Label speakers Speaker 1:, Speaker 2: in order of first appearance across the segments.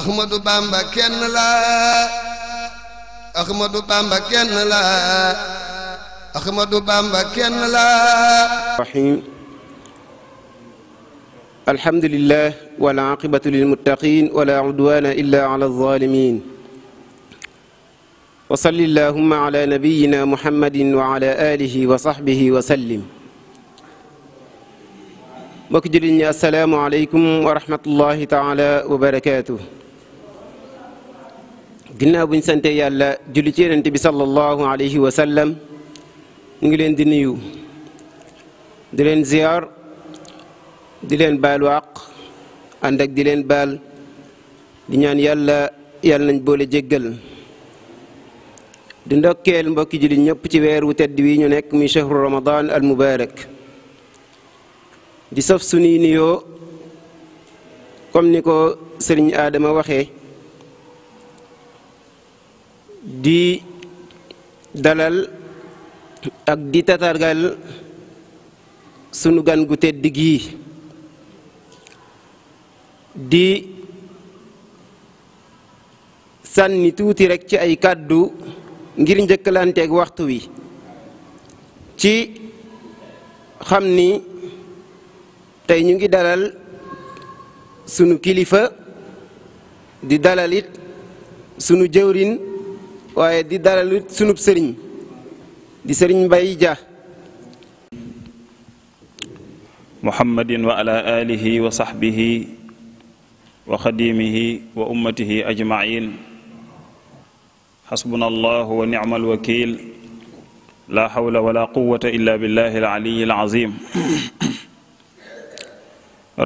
Speaker 1: Ahmadou Bamba kenn laa Ahmadou Bamba kenn laa Ahmadou Bamba kenn laa rahim alhamdulillah wal aaqibatu lil muttaqin wala udwana illa ala zalimin wa salli allahumma ala nabiyyina muhammadin wa ala alihi wa sahbihi wa sallim mbokk jullit ñi assalaamu aleykum wa rahmatullahi taala wa barakaatuh ginnaaw bu ñu sante yàlla julli ci yonent bi sallallahu alayhi wa sallam ñu ngi leen di nuyu di leen ziyaar di leen baal waaq ànd ak di leen baal di ñaan yàlla yàlla nañ boole jéggal di ndokkeel mbokki jullit ñëpp ci weer wu tedd wi ñu nekk muy chahru ramadan al mubarak di saf sunuy nuyoo comme ni ko sëriñ aadama waxee di dalal ak di tatargal sunu gan gu tedd gii di sànni tuuti rekk ci ay kàddu ngir njëkkalanteeg waxtu wi ci xam ni tey ñu ngi dalal sunu kilifa di dalalit sunu jëwrin waye di dalal sunu serigne di serigne
Speaker 2: محمد وعلى آله وصحبه وخديمه وأمته أجمعين حسبنا الله ونعم الوكيل لا حول ولا قوة إلا بالله العلي العظيم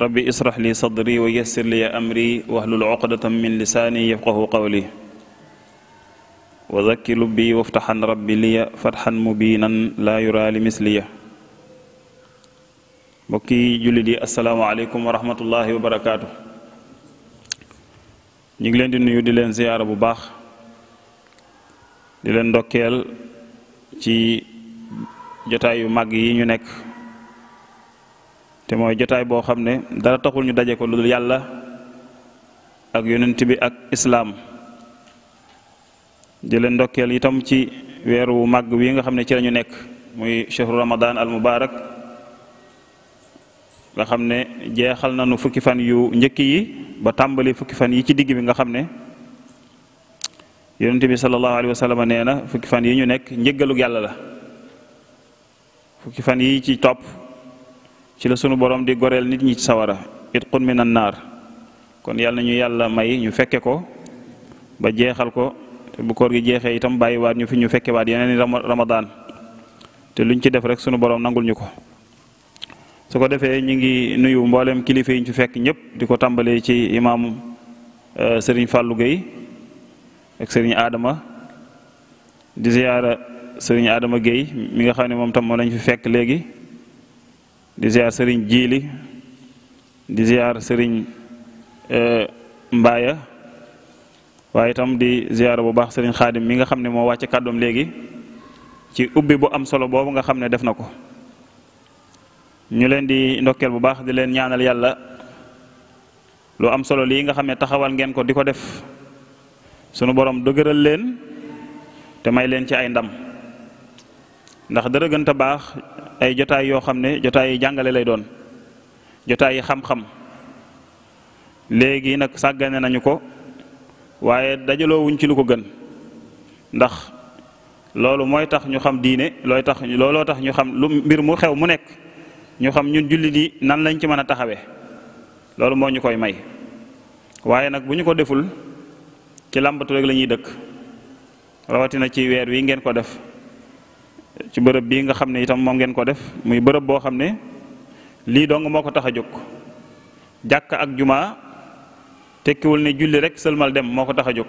Speaker 2: ربي اسرح لي صدري ويسر لي أمري واهل العقدة من لساني يفقه قولي وزك لبي وافتحا ربي لي فتحا مبينا لا يرى لمثلي بكي جلدي السلام عليكم ورحمة الله وبركاته نيغلين دي نيو دي لين زيارة بو باخ دي لين دوكيل تي جتاي يو ماغي يي جتاي بو خامني دارا تاخول ني داجي كو لودو يالا اك يونتي اك اسلام di leen ndokkeel itam ci weer wu màgg wi nga xam ne ci lañu nekk muy chehru ramadan al mubarak nga xam ne jeexal nañu fukki fan yu njëkk yi ba tàmbali fukki fan yi ci digg bi nga xam ne yonente bi sallallahu alayhi wa sallam na fukki fan yi ñu nekk njëggalug yàlla la fukki fan yi ci topp ci la sunu borom di goreel nit ñi ci sawara itqun minan naar kon yàlla na ñu yàlla may ñu fekke ko ba jeexal ko bu koor gi jeexee itam bàyyiwaat ñu fi ñu fekkee fekkewaat yeneen i ramadaan te luñ ci def rek sunu borom nangul ñu ko su ko defee ñu ngi nuyu mboolem kilifa yi ñu ci fekk ñëpp di ko tàmbalee ci imaam euh, sëriñ fàllu Gueye sëriñ Serigne Adama di ziyaara Serigne Adama Gueye mi nga xam ne moom tam moom lañ fi fekk léegi di ziyaar Serigne Jiili di ziyaar euh, Mbaaya waaye itam di ziyaara bu baax sëriñ xaadim mi nga xam ne moo wàcc kàddoom léegi ci ubbi bu am solo boobu nga xam ne def na ko ñu leen di ndokkeel bu baax di leen ñaanal yàlla lu am solo lii nga xam ne taxawal ngeen ko di ko def sunu borom dëgëral leen te may leen ci ay ndam ndax dara gënta baax ay jotaay yoo xam ne jotaay yi jàngale lay doon jotaay yi xam-xam léegi nag sàggane nañu ko waaye dajaloo wuñ ci lu ko gën ndax loolu mooy tax ñu xam diine looy tax looloo tax ñu xam lu mbir mu xew mu nekk ñu xam ñun jullit yi nan lañ ci mën a taxawee loolu moo ñu koy may waaye nag bu ñu ko deful ci làmbatu rek lañuy dëkk rawatina ci weer wi ngeen ko def ci bërëb bii nga xam ne itam moom ngeen ko def muy bërëb boo xam ne lii dong moo ko tax a jóg jàkk ak jumaa tekkiwul ne julli rek selmal dem moko ko tax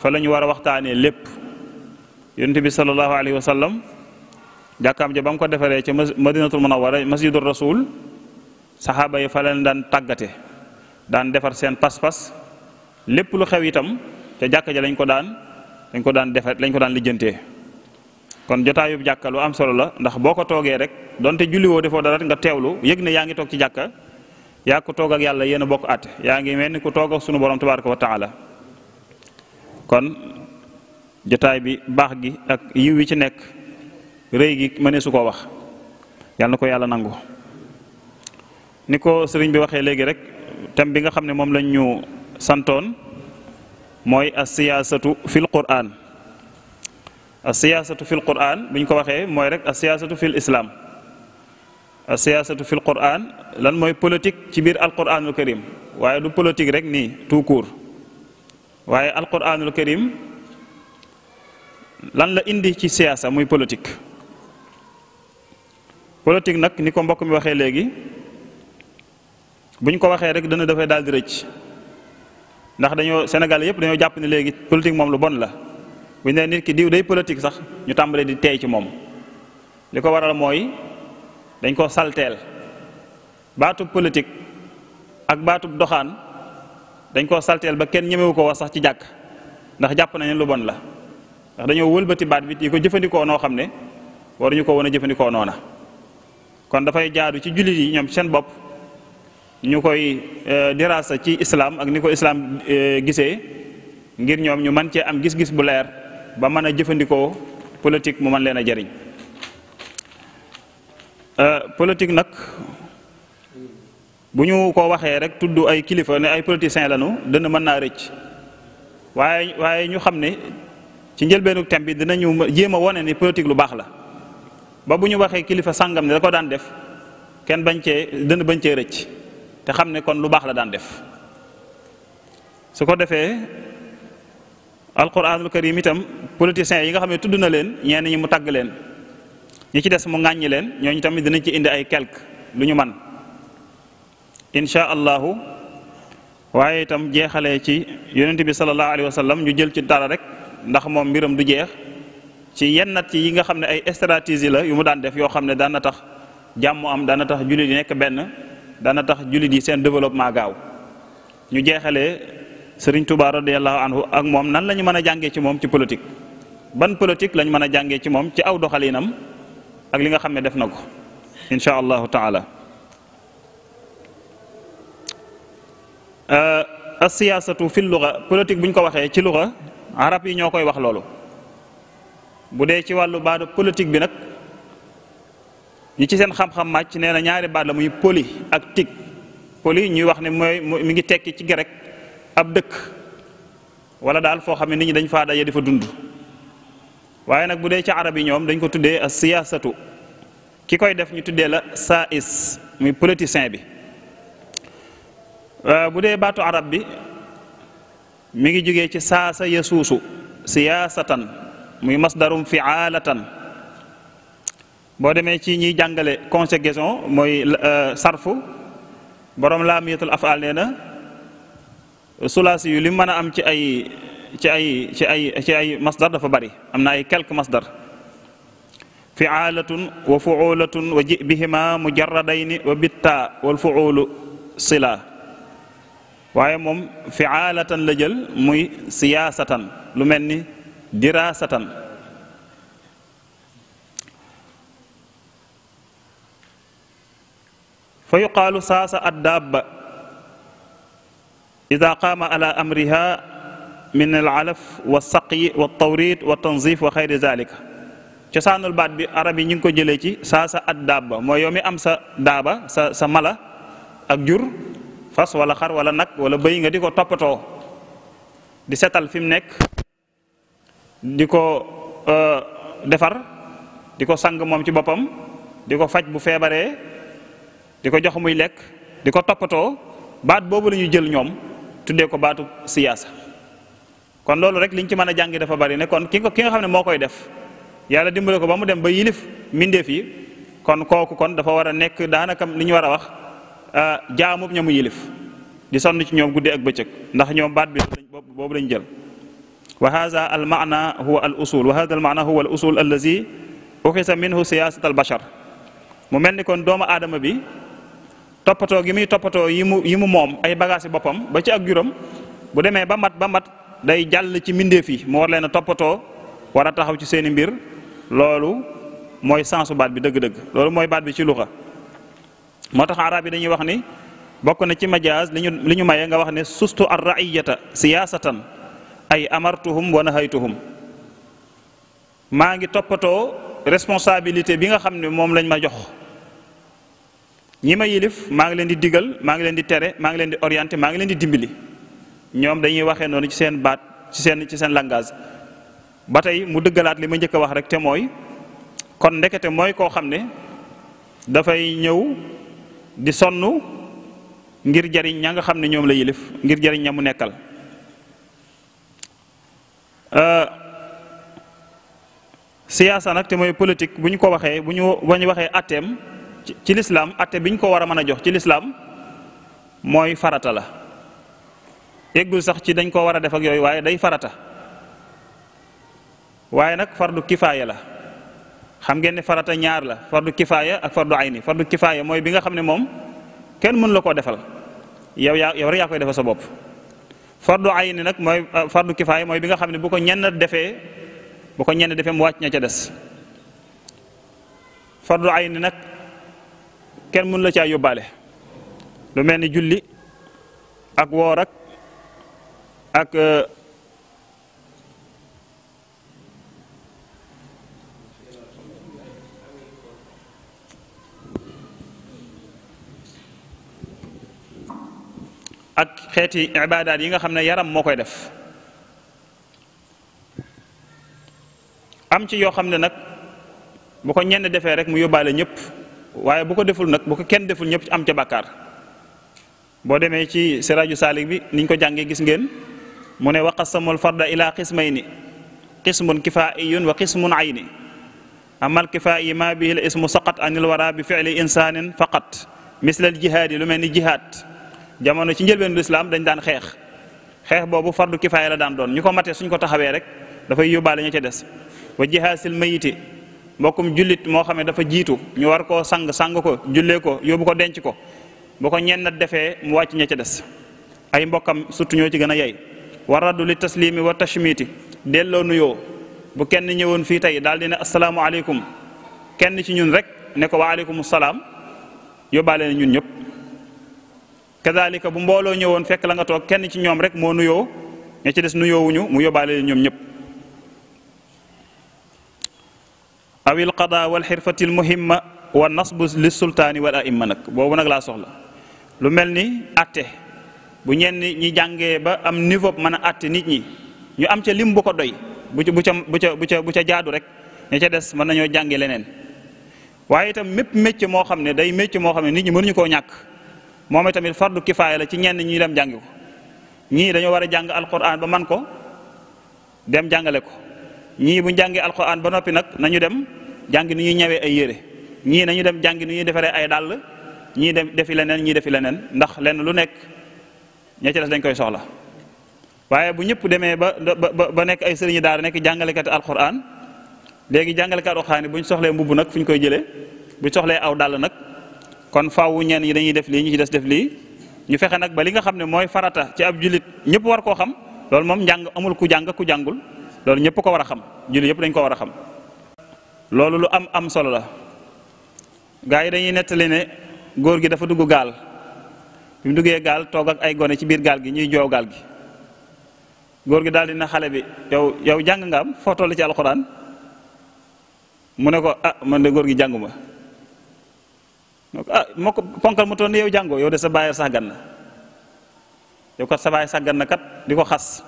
Speaker 2: fa lañu wara waxtane lepp waxtaanee bi sallallahu alaihi wasallam jakam je bam ko defare ci madinatul munawwarah masjidur rasul sahaba yi fa lañ Dan tagate dan defar sen pas-pas lepp lu xew itam te jakka ja lañ ko dan lañ ko dan defar lañ ko dan kon jotaayub jakka lu am solo la ndax boko toge rek donte wo defo dara nga tewlu yegne yaangi tok ci jakka yaa ko toog ak yàlla yéen a bokk at yaa ngi mel ni ku toog ak sunu borom tabaraka wa taala kon jotaay bi baax gi ak yiw wi ci nekk rëy gi mënee su koo wax yàlla ko yàlla nangu ni ko sëriñ bi waxee léegi rek thème bi nga xam ne moom lañ ñu santoon mooy asiyaasatu fil quraan asiyaasatu fil quraan bi ko waxee mooy rek asiyaasatu fil islam siyaasatu fil Qur'an lan mooy politique ci biir alquranul karim waaye du politique rek nii tout court waaye alquranul karim lan la indi ci siyaasa muy politique. politique nag ni ko mbokk mi waxee léegi buñ ko waxee rek dana defee daal di rëcc ndax dañoo Sénégal yëpp dañoo jàpp ni léegi politique moom lu bon la buñ nee nit ki diw day politique sax ñu tàmbalee di tey ci moom li ko waral mooy. dañ koo salteel baatub politique ak baatub doxaan dañ koo salteel ba kenn ñemewu ko wax sax ci jàkk ndax jàpp nañ lu bon la ndax dañoo wëlbati baat bi di ko jëfandikoo noo xam ne waruñu ko woon a jëfandikoo noona kon dafay jaadu ci jullit yi ñoom seen bopp ñu koy euh, diraasa ci islaam ak ni ko islaam euh, gisee ngir ñoom ñu mën cee am gis-gis bu leer ba mën a jëfandikoo politique mu mën leen a jariñ Euh, politique nag bu ñu ko waxee rek tudd ay kilifa ne ay politiciens lañu dana mën naa rëcc waaye waaye ñu xam ne ci njëlbeenu thème bi dinañu jéem a wone ni politique lu baax la ba bu ñu waxee kilifa sàngam ne da ko daan def kenn bañ cee dana bañ cee rëcc te xam ne kon lu baax la daan def su ko defee alquranul karim itam politiciens yi nga xam ne tudd na leen ñeen ñi mu tàgg leen. ñi ci dess mu ngagne len ñoñu tamit dinañ ci indi ay quelque luñu man insha allahu waye tam jeexale ci yonente bi Sallallahu alaihi wasallam ñu jël ci dara rek ndax mom mbiram du jeex ci yennat yi nga xamne ay stratégie la yu mu daan def yo xamne ne daana tax juli am daana tax julit yi ben benn daana tax julit yi sen développement gaaw ñu jeexale serigne touba radiallahu anhu ak mom nan la mëna mën ci mom ci politique ban politique lañu mëna a ci mom ci aw doxalinam ak li nga xamne def nako insha allah taala euh as siyasatu fi luga politique buñ ko waxe ci lugha arab yi ñokoy wax lolu bu dee ci walu baad politique bi nak ñi ci seen xam-xam match nee ñaari baad la muy poli ak tik poli ñuy wax ne moy mi ngi tekki ci grec ab dëkk wala dal fo xam nit ñi dañ fa daje difa dundu waaye nag bu dee ci arab yi ñoom dañ ko tuddee as siyaasatu ki koy def ñu tuddee la saïs muy politicien bi euh, bu dee baatu arab bi mu ngi jógee ci saasa yasuusu siyaasatan muy masdarum fiaalatan boo demee ci ñiy jàngale conjugaison mooy euh, sarfu borom laamiyatul afaal nee na sulaasi yu li mën a am ci ay ci ay ci ay ci ay masdar dafa bari am na ay quelque masdar fiaalatun wa fuulatun wa ji bihima mujarradayni wa bitta wal fuulu sila waaye moom fiaalatan la jël muy siyaasatan lu mel ni diraasatan fa yuqaalu saasa ad daabba ida qaama ala amriha min alxalaf wa saqyi wa tawrit wa tanzif wa xayri zalika cosaanul baat bi arab yi ñu ngi ko jëlee ci saa sa at daaba mooy yow mi am sa daaba sa sa mala ak jur fas wala xar wala nag wala bëy nga di ko toppatoo di setal fi mu nekk di ko defar di ko sang moom ci boppam di ko faj bu feebaree di ko jox muy lekk di ko toppatoo baat boobu la ñu jël ñoom tuddee ko baatu siyaasa kon loolu rek liñ ci mën a jàngi dafa bari ne kon ki ko ki nga xam ne moo koy def yàlla dimbale ko ba mu dem ba yilif mbindeef yi kon kooku kon dafa war a nekk daanaka li ñu war a wax jaamub ñamu yilif di sonn ci ñoom guddi ak bëccëg ndax ñoom baat bi boobu lañ jël wa hada al maana huwa al usul wa hada al maana huwa al usul allazi uxisa minhu siyasat al bashar mu mel ni kon doomu aadama bi toppatoo gi muy toppatoo yi mu yi mu moom ay bagage boppam ba ci ak juróom bu demee ba mat ba mat day jàll ci mbindeef yi mu war leen a toppatoo war a taxaw ci seeni mbir loolu mooy sensu baat bi dëgg-dëgg loolu mooy baat bi ci luxa moo tax arab yi dañuy wax ni bokk na ci majaaz li ñu li ñu maye nga wax ne sustu ar raiyata siyaasatan ay amartuhum wa nahaytuhum maa ngi toppatoo responsabilité bi nga xam ne moom lañ ma jox ñi ma yilif maa ngi leen di digal maa ngi leen di tere maa ngi leen di orienté maa ngi leen di dimbali ñoom dañuy waxee noonu ci seen baat ci seen ci seen langage ba tey mu dëggalaat li ma njëkk a wax rek te mooy kon ndekete mooy koo xam ne dafay ñëw di sonn ngir jariñ ña nga xam ne ñoom la yilif ngir jariñ ña mu nekkal euh, siyaasa nag te mooy politique bu ñu ko waxee bu ñu bu ñu waxee atem ci lislaam ate bi ñu ko war a mën a jox ci lislaam mooy farata la eggul sax ci dañ ko wara def ak yoy waye day farata waye nak fardu kifaya la xam ngeen ni farata ñaar la fardu kifaya ak fardu ayni fardu kifaya moy bi nga xamne mom kenn mën la ko defal yow ya yow rek ya koy defal sa bop fardu ayni nak moy ah, fardu kifaya moy bi nga xamne bu ko ñenn defé bu ko ñenn defé mu wacc ña ca dess fardu ayni nak kenn mën la ca yobale lu melni julli ak woor ak ak euh, ak xeeti ibaadaat yi nga xam ne yaram moo koy def am ci yoo xam ne nag bu ko ñenn defee rek mu yóbbaale ñëpp waaye bu ko deful nag bu ko kenn deful ñëpp am ca bàkkaar boo demee ci siraaju saalik bi niñ ko jàngee gis ngeen mu ne wa qasamul farda ila qismayni qismun kifaa'iyun wa qismun ayni ama alkifaa'i ma bihi l ismu saqat an il wara bi fi'li insanin faqat misle al jihaadi lu mel ni jihaad jamono ci njëlbeenu lislaam dañ daan xeex xeex boobu fardu kifaaya la daan doon ñu ko matee suñ ko taxawee rek dafay yóbbaale ña ca des wa jihaasil mayiti mbokkum jullit moo xam ne dafa jiitu ñu war koo sang sang ko jullee ko yóbbu ko denc ko bu ko ñenn defee mu wàcc ña ca des ay mbokkam surtout ñoo ci gën a yey wa raddu li taslimi delloo nuyoo bu kenn ñëwoon fii tey daal na ne asalaamualeykum kenn ci ñun rek ne ko waaleykum salaam yóbbaale na ñun ñëpp kazalika bu mbooloo ñëwoon fekk la nga toog kenn ci ñoom rek moo nuyoo ña ci des nuyoowuñu mu yóbbaale ñoom ñëpp aw il qada wal xirfati al wa nasbu lis sultaani wal aimma nag boobu nag laa soxla lu mel ni atte bu ñenn ñi jàngee ba am niveau mën a àtte nit ñi ñu am ca lim bu ko doy bu ca bu ca bu ca bu ca jaadu rek ña ca des mën nañoo jànge leneen waaye itam mépp métier moo xam ne day métier moo xam ne nit ñi mënuñu koo ñàkk moom tamit fardu kifaaya la ci ñenn ñi dem jàngi ko ñii dañoo war a jàng alquran ba man ko dem jàngale ko ñii bu jàngee alquran ba noppi nag nañu dem jàng ni ñuy ñawee ay yére ñii nañu dem jàng ni ñuy defaree ay dàll ñii dem defi leneen ñii defi leneen ndax lenn lu nekk. ña ca des dañ koy soxla waye bu ñepp démé ba ba ba nekk ay sëriñu daara nekk jàngalekati alquran léegi jàngalekati alquran yi bu ñu soxlee mbubb nag koy jëlé bu soxlé aw dal nak kon faawu ñen yi dañuy def li ñu ci def li ñu fexé nak ba li nga xamné ne farata ci ab julit ñepp war ko xam lool mom jàng amul ku jàng ku jàngul lool ñepp ko wara xam julit yëpp dañ ko wara xam loolu lu am am solo la gaay dañuy netalé né góor gi dafa dugg gal bi mu duggee gaal toog ak ay gone ci biir gaal gi ñuy joow gaal gi góor gi daal di na xale bi yow yow jàng nga am foo toll ci alxuraan mu ne ko ah man de góor gi jànguma ah moo ko ponkal mu toll ni yow jàngoo yow de sa bàyyi sax na yow kat sa bàyyi sax kat di ko xas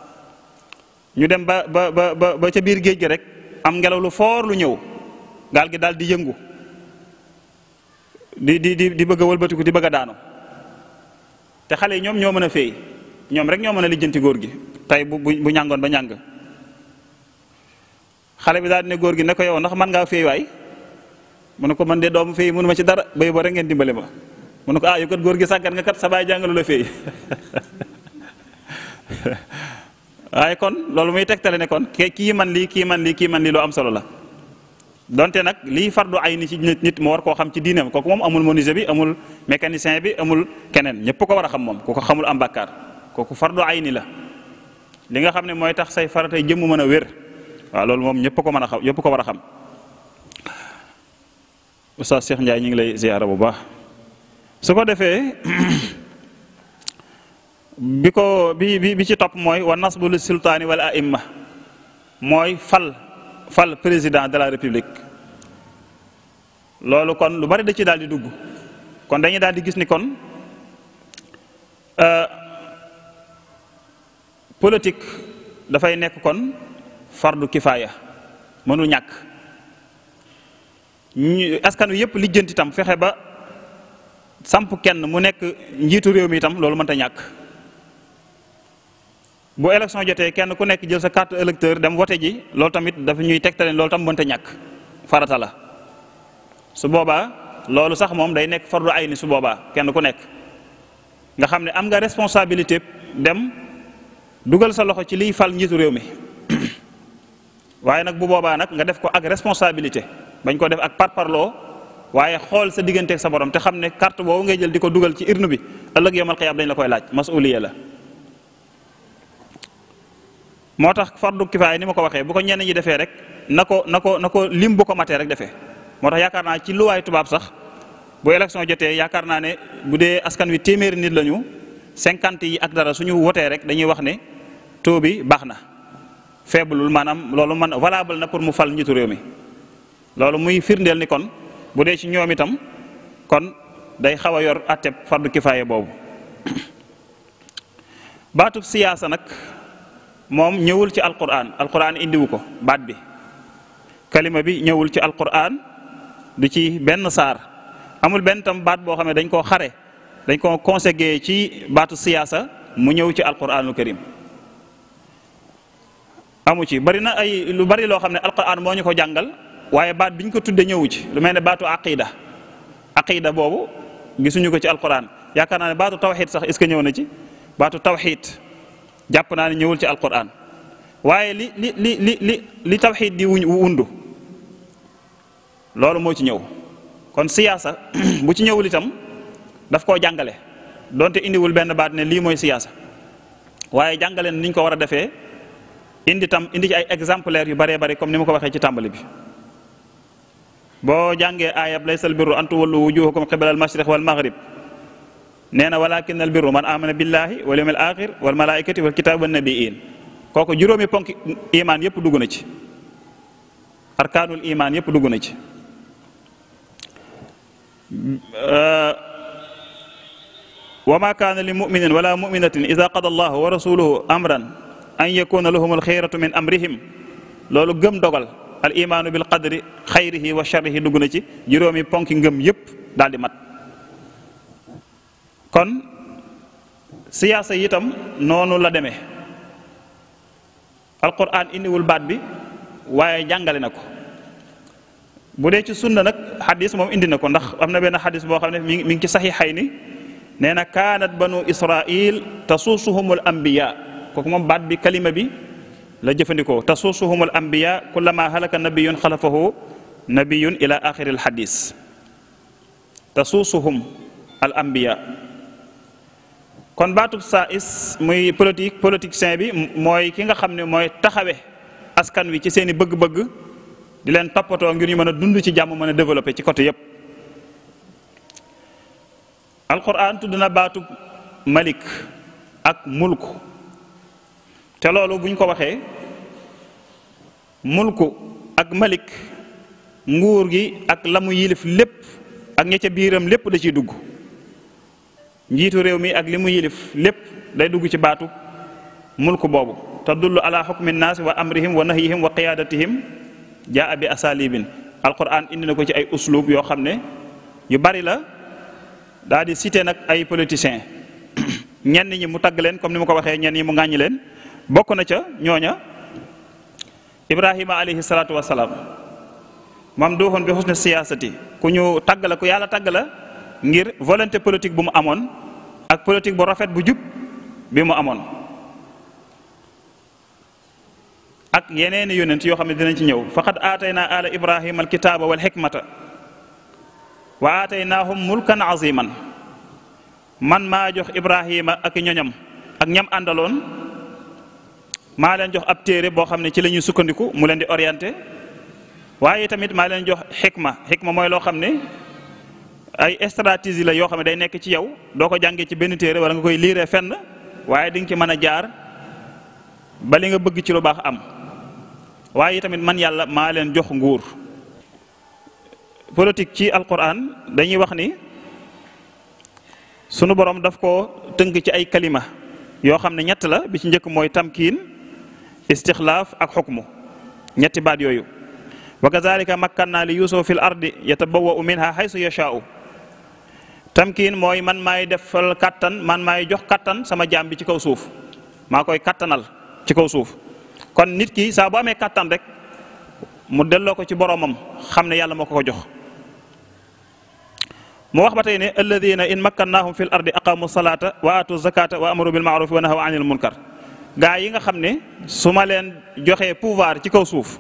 Speaker 2: ñu dem ba ba ba ba ca biir géej gi rek am ngelaw lu foor lu ñëw gaal gi daal di yëngu di di di di bëgg a wëlbatiku di bëgg a te xalé ñom ñoom ñoo mën a féey mana rek ñoo mëna lijeenti goor gi tay bu bu ñangon ba ñang xalé bi daal ne goor gi ne ko yow ndax man nga fey way mu ne ko man de doomu féey ma ci dara bay bo rek ngeen dimbalé ma mu ko ah yu kat goor gi nga kat sa bay la fey ay kon lolou muy tektale ne kon ki man li ki man li ki man li lo am solo la donte nag liy fardu ay ni ci nit moo war koo xam ci diineem kooku moom amul menuisier bi amul mécanicien bi amul keneen ñëpp ko war a xam moom ku ko xamul am bàkkaar kooku fardu ay ni la li nga xam ne mooy tax say faratay jëmm mën a wér waaw loolu moom ñëpp ko mën a xam ñëpp ko war a xam. Oustaz ñu ngi lay ziyaara bu baax su ko defee bi ko bi bi ci topp mooy wa nasbul sultaani wal aimma mooy fal. fal président de la république loolu kon lu bari da ci daal di dugg kon dañuy daal di gis ni kon euh, politik dafay nekk kon fardu kifaaya mënul ñàkk askanu yépp lijjanti tam fexe ba samp kenn mu nekk njiitu réew mi itam loolu mënta ñàkk bo election jotté kenn ku nek jël sa carte électeur dem wote ji lol tamit dafa ñuy tegtale lol tam mënta ñak farata la su boba lolou sax mom day nek fardu ayni su boba kenn ku nek nga xamné am nga responsabilité dem dugal sa loxo ci li fal ñitu réew mi waye nak bu boba nak nga def ko ak responsabilité bañ ko def ak parlo waye xol sa ak sa borom té xamné carte bo nga jël diko ko ci urne bi ëlëk yamal qiyam dañ la koy laaj masuliyya la moo tax fardu kifaaya ni ma ko waxee bu ko ñenn ñi defee rek na ko na ko na ko lim bu ko matee rek defee moo tax yaakaar naa ci luwaay tubaab sax bu élection jotee yaakaar naa ne bu dee askan wi téeméeri nit lañu cinquante yi ak dara suñu wotee rek dañuy wax ne taux bi baax na faiblewul maanaam loolu man valable na pour mu fal njiitu réew mi loolu muy firndeel ni kon bu dee ci ñoom itam kon day xaw a yor atteb fardu kifaaya boobu baatub siyaasa nag moom ñëwul ci alquran alquran indiwu ko baat bi kalima bi ñëwul ci alquran du ci benn saar amul benn tam baat boo xam ne dañ koo xare dañ ko conseillé ci baatu siyaasa mu ñëw ci alquranul karim amu ci bari na ay lu bari loo xam ne alquran moo ñu ko jàngal waaye baat biñ ko tudde ñëwu ci lu mel ne baatu aqida aqida boobu gisuñu ko ci alquran yaakaar naa ne baatu tawxid sax est ñëw na ci baatu tawxid jàpp naa ne ñëwul ci alquran waaye li li li li li li tawxiid di wundu loolu moo ci ñëw kon siyaasa bu ci ñëwul itam daf koo jàngale donte indiwul benn baat ne lii mooy siyaasa waaye jàngale na ni ko war a defee indi tam indi ci ay exemplaires yu bare bari comme ni ma ko waxee ci tàmbali bi boo jàngee aayab laysal birru an tuwallu wujuhakum qibala al mashriq wal maghrib nee na walakin al birru man amana billahi wal yawmil axir wal malaikati wal kitabi wan nabiin kooku juróomi ponk imaan yëpp dugg na ci arkaanul imaan yëpp dugg na ci wa ma kaana li muminin wala muminatin ida qada allahu wa rasuluhu amran an yakuna lahum alxeyratu min amrihim loolu gëm dogal al imaanu bil qadri xayrihi wa sharrihi dugg na ci juróomi ponki ngëm yëpp daal di mat kon siyaasa yitam noonu la deme alquran indiwul baat bi waaye jàngale na ko bu dee ci sunna nag xadis moom indi na ko ndax am na benn xadis boo xam ne mi ngi ci saxiixay ni nee na kaanat banu israil tasuusuhumul ambiya kooku moom baat bi kalima bi la jëfandikoo al ambiya kullama halaka nabiyun xalafahu nabiyun ila axiri alxadis tasuusuhum al ambiya kon baatub saa is muy politique politicien bi mooy ki nga xam ne mooy taxawe askan wi ci seen i bëgg-bëgg di leen toppatoo ngir ñu mën a dund ci jàmm mën a développé ci côté yépp alquran tudd na baatub malik ak mulk te loolu buñ ko waxee mulku ak malik nguur gi ak la mu yilif lépp ak ña ca biiram lépp da ciy dugg njiitu réew mi ak li mu yilif lépp day dugg ci baatu mulku boobu tadullu ala xukmi naasi wa amrihim wa nahyihim wa qiyaadatihim jaa bi asalibin alquran indi na ko ci ay uslub yoo xam ne yu bari la daal di cité nag ay politiciens ñenn ñi mu tagg leen comme ni ma ko waxee ñenn ñi mu ŋàññi leen bokk na ca ñooña ibrahima alayhi salaatu wasalaam mam duuxoon bi xusne siyaasati ku ñu tagg la ku yàlla tagg la ngir volonté politique bu mu amoon ak politique bu rafet bu jub bi mu amoon ak yeneeni yonent yoo xam ne ci ñëw faqad aatayna ala ibrahima alkitaaba wal xikmata wa aataynaahum mulkan aziman man maa jox ibrahima ak ñoñam ak ñam àndaloon maa leen jox ab téere boo xam ne ci la sukkandiku mu leen di orienté waaye tamit maa leen jox xikma xikma mooy loo xam ne ay stratégie la yoo xam ne day nekk ci yow doo ko jàngee ci benn téere wala nga koy liiree fenn waaye di nga ci mën a jaar ba li nga bëgg ci lu baax am waaye tamit man yàlla maa leen jox nguur politique ci alquran dañuy wax ni sunu borom daf ko tënk ci ay kalima yoo xam ne ñett la bi ci njëkk mooy tamkiin istixlaaf ak mu ñetti baat yooyu wa kazalika makkan naa li yuusuf fil ardi yatabawwa'u minha haysu yashaa'u tamkiin mooy man maay defal kattan man maay jox kattan sama jaam bi ci kaw suuf maa koy kattanal ci kaw suuf kon nit ki saa boo amee kattan rek mu delloo ko ci boromam xam ne yàlla moo ko ko jox mu wax ba tey ne alladina in makkannahum fi l ardi aqamu salata wa atu zakata wa amaru bil maaruf wa nahaw anil munkar gaa yi nga xam ne su ma leen joxee pouvoir ci kaw suuf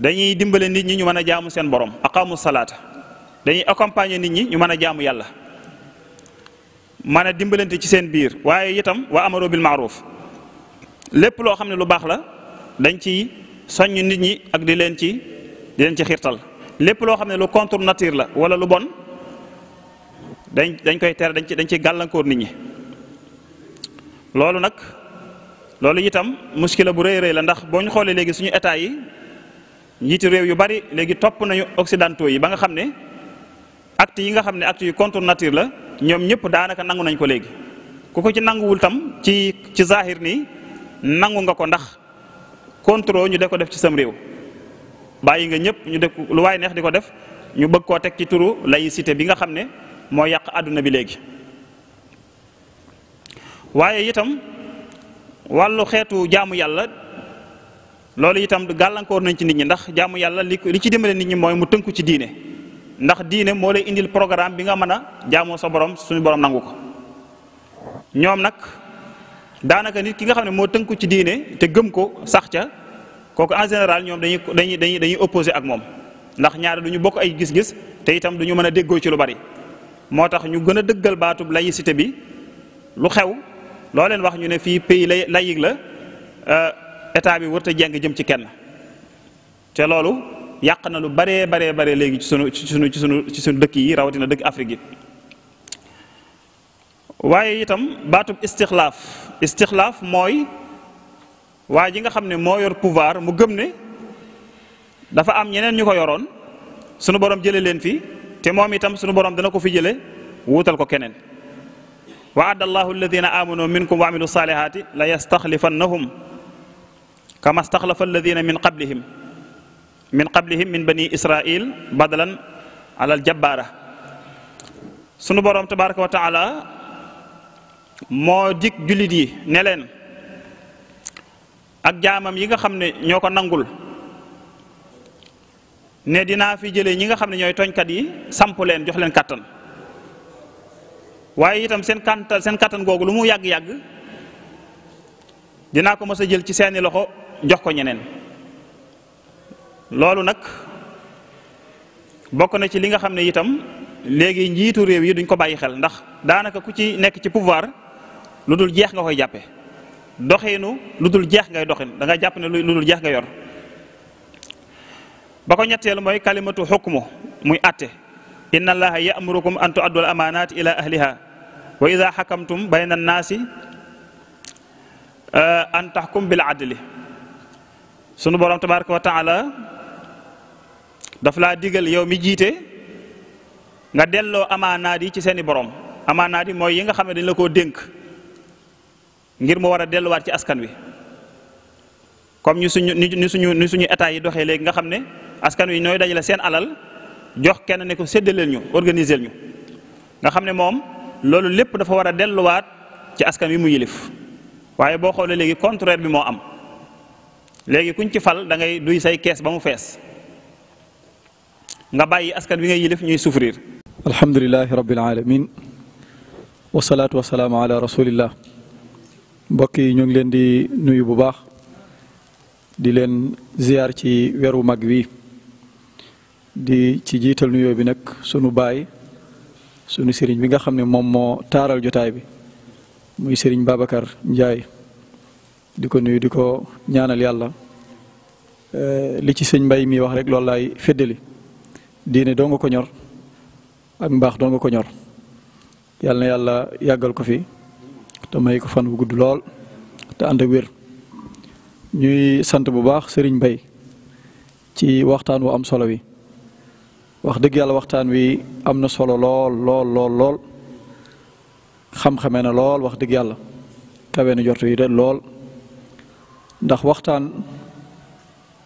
Speaker 2: dañuy dimbale nit ñi ñu mën a jaamu seen borom aqamu salaata dañuy accompagner nit ñi ñu mëna jaamu yalla mëna dimbalante ci seen biir waaye itam wa amaru bil ma'ruf lépp loo xam ne lu baax la dañ ci soññ nit ñi ak di leen ci di leen ci xirtal lépp loo xam lu contre nature la wala lu bon dañ dañ koy tere dañ ci dañ ci gàllankoor nit ñi loolu nag loolu itam muskila bu rëy rëy la ndax boo ñu xoolee suñu état yi njiiti réew yu bari léegi topp nañu occidentaux yi ba nga xam acte yi nga xam ne acte yi contre nature la ñoom ñëpp daanaka nangu nañ ko léegi ku ko ci nanguwul tam ci ci zahir nii nangu nga ko ndax contrôle ñu de ko def ci sam réew bàyyi nga ñëpp ñu def lu waay neex di ko def ñu bëgg koo teg ci turu laïcité bi nga xam ne moo yàq àdduna bi léegi waaye itam wàllu xeetu jaamu yàlla loolu itam gàllankoor nañ ci nit ñi ndax jaamu yàlla li li ci dimbale nit ñi mooy mu tënku ci diine ndax diine moo lay indil programme bi nga mën a jaamoo sa borom suñu borom nangu ko ñoom nag daanaka nit ki nga xam ne moo tënku ci diine te gëm ko sax ca kooku en général ñoom dañuy dañuy dañuy dañuy opposé ak moom ndax ñaari du ñu bokk ay gis-gis te itam du ñu mën a déggoo ci lu bari moo tax ñu gën a dëggal baatub laïcité bi lu xew loo leen wax ñu ne fii pays laïque la euh, état bi warut a jeng jëm ci kenn te loolu. yàq na lu baree baree bare léegi ci sunu ci sunu ci sunu ci sunu dëkk yi rawatina dëkk Afrique yi waaye itam baatub istixlaaf istixlaaf mooy waa ji nga xam ne moo yor pouvoir mu gëm ne dafa am ñeneen ñu ko sunu borom jële leen fi te moom itam sunu borom dana ko fi jële wuutal ko keneen wa adda allahu alladina amanu minkum wa amilu salihaati la yastaxlifannahum kama staxlafa min qablihim min bani israil badalan al Jabbara. sunu borom tabaraka wa taala mo dik julit yi ne leen ak jaamam yi nga xamne ñoko nangul ne dina fi jele ñi nga xamne ñoy togn kat yi samp len jox len katan waye itam sen kanta sen katan lu mu yag yag dina ko mësa jël ci seeni loxo jox ko ñeneen loolu nag bokk na ci li nga xam ne itam léegi njiitu réew yi duñ ko bàyyi xel ndax daanaka ku ci nekk ci pouvoir lu dul jeex nga koy jàppe doxinu lu dul jeex ngay doxin da nga jàpp ne lu dul jeex nga yor ba ko ñetteel mooy kalimatu xukmu muy atte inna allaha ya'murukum an tu'addul amanat ila ahliha wa idha xakamtum bayna annaasi an taxkum bil adli sunu borom tabaraka wa taala dafa laa digal yow mi jiite nga delloo amaanaat yi ci seeni borom amaanaat yi mooy yi nga xam ne dañ la koo dénk ngir mu war a delluwaat ci askan wi comme ñu suñu ni suñu ni suñu état yi doxee léegi nga xam ne askan wi ñooy dajale seen alal jox kenn ne ko séddaleel ñu organiser ñu nga xam ne moom loolu lépp dafa war a delluwaat ci askan wi mu yilif waaye boo xoolee léegi contraire bi moo am léegi kuñ ci fal da ngay duy say kees ba mu fees
Speaker 3: nga bàyyi askan wi nga yilif ñuy souffrir. alhamdulilahi rabbil alamin wasalaatu wasalaam ala rasulillah mbokk yi ñu ngi leen di nuyu bu baax di leen ziar ci weeru mag wi di ci jiital nuyoo bi nag sunu baay sunu sëriñ bi nga xam ne moom moo taaral jotaay bi muy sëriñ Babacar njaay di ko nuyu di ko ñaanal yàlla eh, li ci sëñ mbay mi wax rek loolu lay feddali diine do nga ko ñor ak mbaax do nga ko ñor yalla yalla yagal ko fi te may ko fan bu gudd lool te ànd ak ñuy sant bu baax serigne bay ci waxtaan wu am solo wi wax deug yalla waxtaan wi am solo lool lool lool lool xam-xame na lool wax deug yalla kawe na jortu yi de lool ndax waxtaan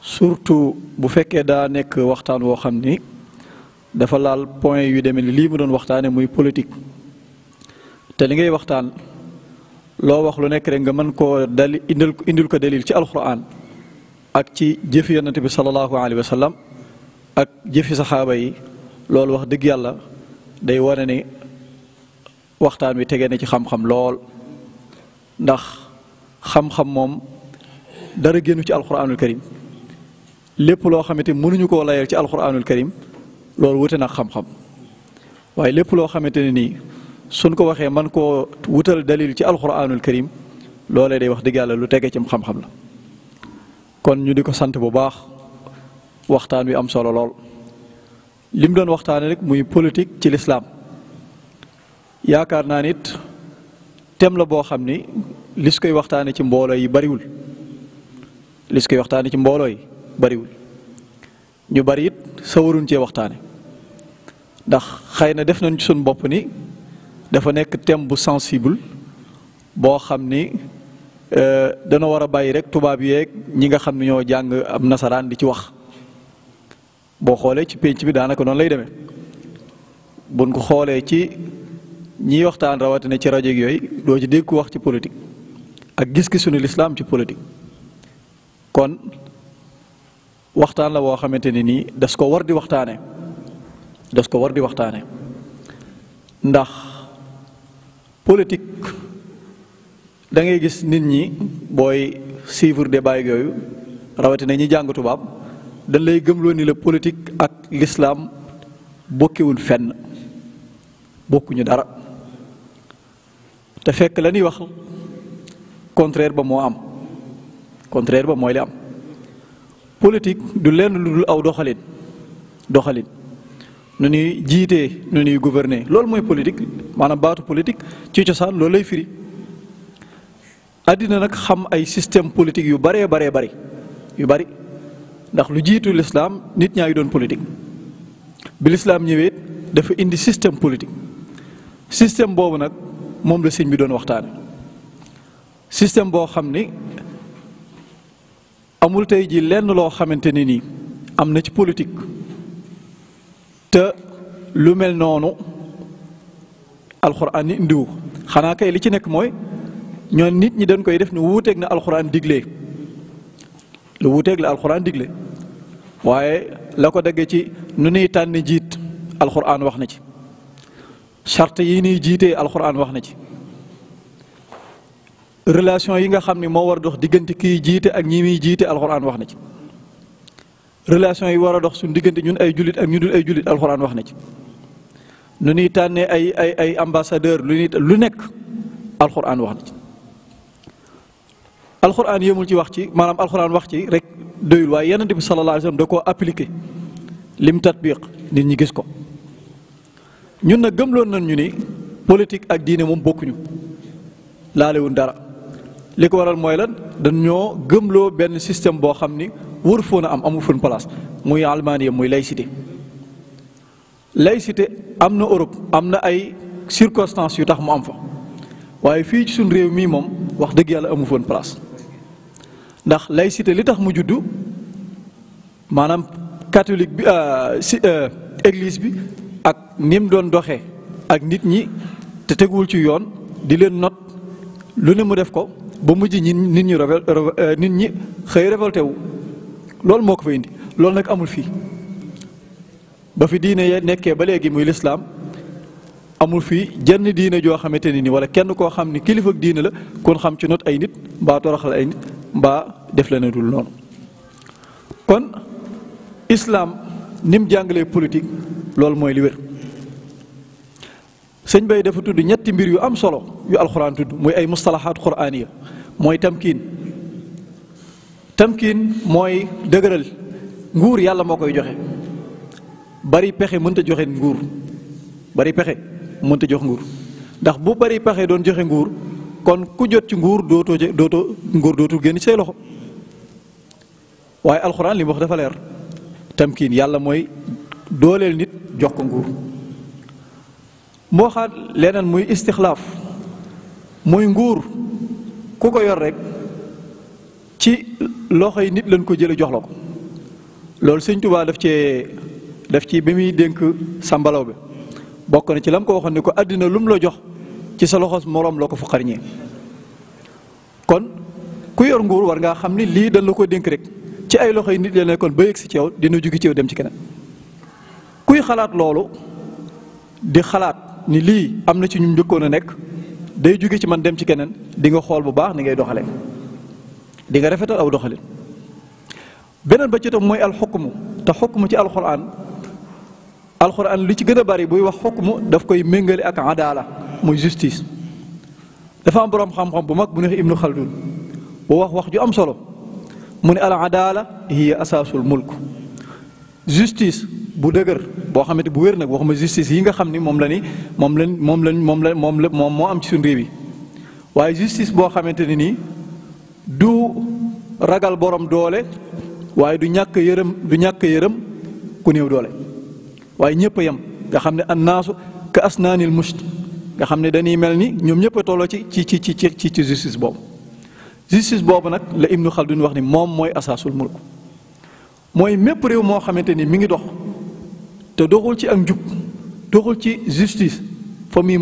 Speaker 3: surtout bu fekke da nek waxtaan wo xamni dafa laal point yu de ni lii mu doon waxtaane muy politique te li ngay waxtaan loo wax lu nekk rek nga mën koo dali indil indil ko dalil ci alquran ak ci jëfi yonante bi salallahu alayhi wa sallam ak jëfi saxaaba yi loolu wax dëgg yàlla day wane ni waxtaan wi tege na ci xam-xam lool ndax xam-xam moom dara génnu ci alquranul karim lépp loo xamante mënuñu koo layal ci alquranul karim loolu wute nag xam-xam waaye lépp loo xamante ne nii suñ ko waxee man koo wutal dalil ci alquranul karim loolee day wax dëgg yàlla lu tege cim xam-xam la kon ñu di ko sant bu baax waxtaan wi am solo lool li doon waxtaane rek muy politique ci lislaam yaakaar naa nit tem la boo xam ni lis koy waxtaane ci mbooloo yi bariwul lis koy waxtaane ci mbooloo yi bariwul ñu bari it sawaruñ cee waxtaane ndax xëy na def nañ ci suñu bopp ni dafa nekk thème bu sensible boo xam ni euh, dana war a bàyyi rek tubaab yeeg ñi nga xam ne ñoo jàng am nasaraan di ci wax boo xoolee ci pénc bi daanaka noonu lay demee buñ ko xoolee ci ñiy waxtaan rawatina ci rajo yooyu doo ci dégg ku wax ci politique ak gis-gisuñu lislaam ci politique kon waxtaan la woo xamante ne nii das ko war di waxtaane das ko war di waxtaane ndax politique da ngay gis nit ñi booy suivre débat yooyu rawatina ñi jàng tubaab dañ lay gëmloo ni la politique ak lislaam bokkewul fenn bokkuñu dara te fekk la ñuy wax contraire ba moo am contraire ba mooy li am politique du lenn lu dul aw doxalin doxalin nu ñuy jiitee nu ñuy gouverner loolu mooy politique maanaam baatu politique ci cosaan loolu lay firi. àddina nag xam ay système politique yu baree baree bari yu bari ndax lu jiitu lislaam nit ñaa ngi doon politique bi lislaam ñëwee dafa indi système politique système boobu nag moom la sëñ bi doon waxtaane système boo xam ni amul tay ji lenn loo xamanteni ni nii am na ci politique te lu mel noonu alquran ni ndiw xanaa kay li ci nekk mooy ñoon nit ñi dañ koy def ni wuuteeg na alquran digle lu wuuteeg la alquran digle waaye la ko daggee ci nu nuy tànn jiit alquran wax na ci charte yi ni jiitee alquran wax na ci relation yi nga xam ne moo war a dox diggante kii jiite ak ñii muy jiite alxuraan wax na ci relation yi war a dox suñu diggante ñun ay jullit ak ñu dul ay jullit alxuraan wax na ci nu ñuy tànnee ay ay ay ambassadeur lu lu nekk alxuraan wax na ci alxuraan yëmul ci wax ci maanaam alxuraan wax ci rek doyul waaye yonent bi sallallahu alayhi wa sallam da koo appliqué lim tatbiq nit ñi gis ko ñun nag gëmloon na ñu ni politique ak diine moom bokkuñu laalewuñ dara li ko waral mooy lan dañoo gëmloo benn système boo xam ni wër foon a am amul fun place muy almaaniya muy laïcité laïcité am na Europe am na ay circonstances yu tax mu am fa waaye fii ci suñ réew mii moom wax dëgg yàlla amu foon place ndax laïcité li tax mu juddu maanaam catholique bi euh, si euh, église bi ak ni mu doon doxee ak nit ñi te teguwul ci yoon di leen not lu ne mu def ko ba mujj ñi nit ñi rével eh, nit ñi xëy révolté wu loolu moo ko fa indi loolu nag amul fii ba fi diine nekkee ba léegi muy lislaam amul fii jenn diine joo xamante ne ni wala kenn koo xam ni kilifa ak diine la kon xam ci not ay nit mbaa toroxal ay nit mbaa def la ne dul noonu kon islaam nim jàngalee politique loolu mooy li wér sëñ bay dafa tudd ñetti mbir yu am solo yu alxuraan tudd muy ay mustalahaat quraaniya mooy tamkin tamkin mooy dëgëral nguur yàlla moo koy joxe bari pexe mënta joxe nguur bari pexe mënta jox nguur ndax bu bari pexe doon joxe nguur kon ku jot ci nguur dootoo dootoo nguur dootul génn ci say loxo waaye alxuraan li dafa leer tamkiin yàlla mooy dooleel nit jox ko nguur moo xaat leneen muy istixlaaf muy nguur ku ko yor rek ci loxo yi nit lañ ko jële jox la ko loolu sëñ Tuubaa daf cee daf ci bi muy dénk sa sàmbalaw bi bokk na ci lam ko waxoon ni ko àddina lum la jox ci sa loxo moroom la ko fa xarñee kon ku yor nguur war ngaa xam ni lii dañ la ko dénk rek ci ay loxo yi nit la nekkoon ba yëg si ci dina jóge ci dem ci keneen kuy xalaat loolu di xalaat ni lii am na ci ñu njëkkoon a nekk day jóge ci man dem ci keneen di nga xool bu baax ni ngay doxale di nga rafetal aw doxalin beneen ba ci tam mooy alxukmu te xukmu ci alxuraan alxuraan li ci gën a bari buy wax mu daf koy méngale ak adaala muy justice dafa am boroom xam-xam bu mag bu neex ibnu xaldun boo wax wax ju am solo mu ne al adaala hiya asaasul mulk justice bu dëgër boo xamante bu wér nag waxuma justice yi nga xam ni moom la ni moom lañ moom lañ moom la moom la moom moo am waaye justice boo xamante ne nii du ragal borom doole waaye du ñàkk yërëm du ñàkk yërëm ku néew doole waaye ñëpp a yem nga xam ne annaasu ka asnaanil musht nga xam ne dañuy mel ni ñoom ñëpp a tolloo ci ci ci ci ci justice boobu justice boobu nag la Ibnu Khaldun wax ni moom mooy asaasul mulk mooy mépp réew moo xamante ni mi ngi dox te doxul ci ak njub doxul ci justice fa muy